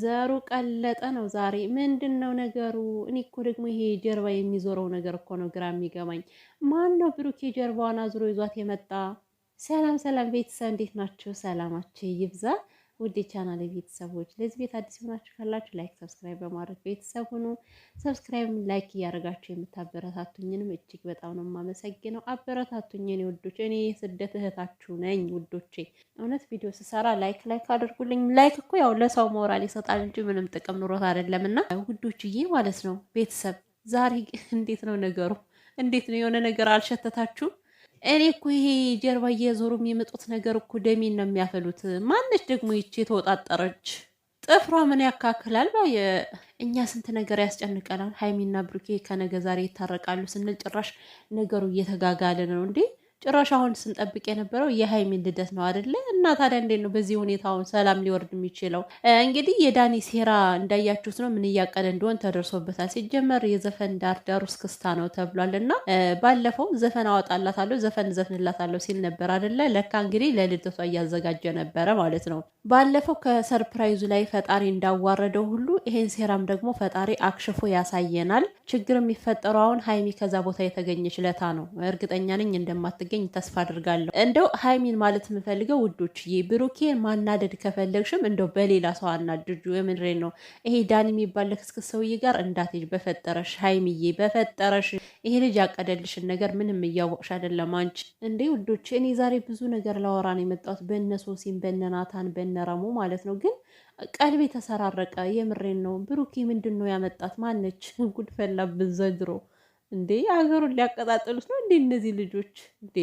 ዘሩ ቀለጠ ነው ዛሬ። ምንድን ነው ነገሩ? እኔ እኮ ደግሞ ይሄ ጀርባ የሚዞረው ነገር እኮ ነው ግራ የሚገባኝ። ማን ነው ብሩኬ ጀርባዋን አዙሮ ይዟት የመጣ? ሰላም ሰላም ቤተሰብ እንዴት ናችሁ? ሰላማቸው ይብዛ። ውድ ቻናል ቤተሰቦች ለዚህ ቤት አዲስ ሆናችሁ ካላችሁ ላይክ፣ ሰብስክራይብ በማድረግ ቤተሰብ ሁኑ። ሰብስክራይብ፣ ላይክ እያደረጋችሁ የምታበረታቱኝንም እጅግ በጣም ነው የማመሰግነው። አበረታቱኝ የኔ ውዶች፣ እኔ የስደት እህታችሁ ነኝ ውዶቼ። እውነት ቪዲዮ ስሰራ ላይክ ላይክ አድርጉልኝ። ላይክ እኮ ያው ለሰው ሞራል ይሰጣል እንጂ ምንም ጥቅም ኑሮት አይደለም። እና ውዶችዬ ማለት ነው ቤተሰብ ዛሬ እንዴት ነው ነገሩ? እንዴት ነው የሆነ ነገር አልሸተታችሁም? እኔ እኮ ይሄ ጀርባ እየዞሩ የሚመጡት ነገር እኮ ደሜን ነው የሚያፈሉት። ማነች ደግሞ ይቺ የተወጣጠረች ጥፍሯ ምን ያካክላል? እኛ ስንት ነገር ያስጨንቀናል። ሀይሚና ብሩኬ ከነገ ዛሬ ይታረቃሉ ስንል ጭራሽ ነገሩ እየተጋጋለ ነው እንዴ! ጭራሽ አሁን ስንጠብቅ የነበረው የሀይሚን ልደት ነው አደለ እና ታዲያ እንዴት ነው በዚህ ሁኔታውን ሰላም ሊወርድ የሚችለው? እንግዲህ የዳኒ ሴራ እንዳያችሁት ነው። ምን እያቀደ እንደሆን ተደርሶበታል። ሲጀመር የዘፈን ውስጥ ክስታ ነው ተብሏል። እና ባለፈው ዘፈን አወጣላታለሁ፣ ዘፈን ዘፍንላታለሁ ሲል ነበር አደለ? ለካ እንግዲህ ለልደቷ እያዘጋጀ ነበረ ማለት ነው። ባለፈው ከሰርፕራይዙ ላይ ፈጣሪ እንዳዋረደው ሁሉ ይሄን ሴራም ደግሞ ፈጣሪ አክሽፎ ያሳየናል። ችግር የሚፈጠረው አሁን ሀይሚ ከዛ ቦታ የተገኘች ለታ ነው እርግጠኛ ነኝ እንደማትገ እንደምትገኝ ተስፋ አድርጋለሁ። እንደው ሀይሚን ማለት የምፈልገው ውዶችዬ፣ ብሩኬን ማናደድ ከፈለግሽም እንደው በሌላ ሰው አናድጁ። የምንሬ ነው። ይሄ ዳን የሚባል ክስክስ ሰውዬ ጋር እንዳትጅ በፈጠረሽ ሀይሚዬ፣ በፈጠረሽ ይሄ ልጅ ያቀደልሽን ነገር ምንም እያወቅሽ አይደለም አንቺ። እንዴ ውዶች፣ እኔ ዛሬ ብዙ ነገር ላወራ ነው የመጣሁት በነ ሶሲም በነ ናታን በነ ረሙ ማለት ነው ግን ቀልቤ ተሰራረቀ። የምሬን ነው። ብሩኬ ምንድን ነው ያመጣት? ማነች? ጉድ ፈላብን ዘንድሮ እንዴ ሀገሩን ሊያቀጣጥሉት ነው እንዴ እነዚህ ልጆች እንዴ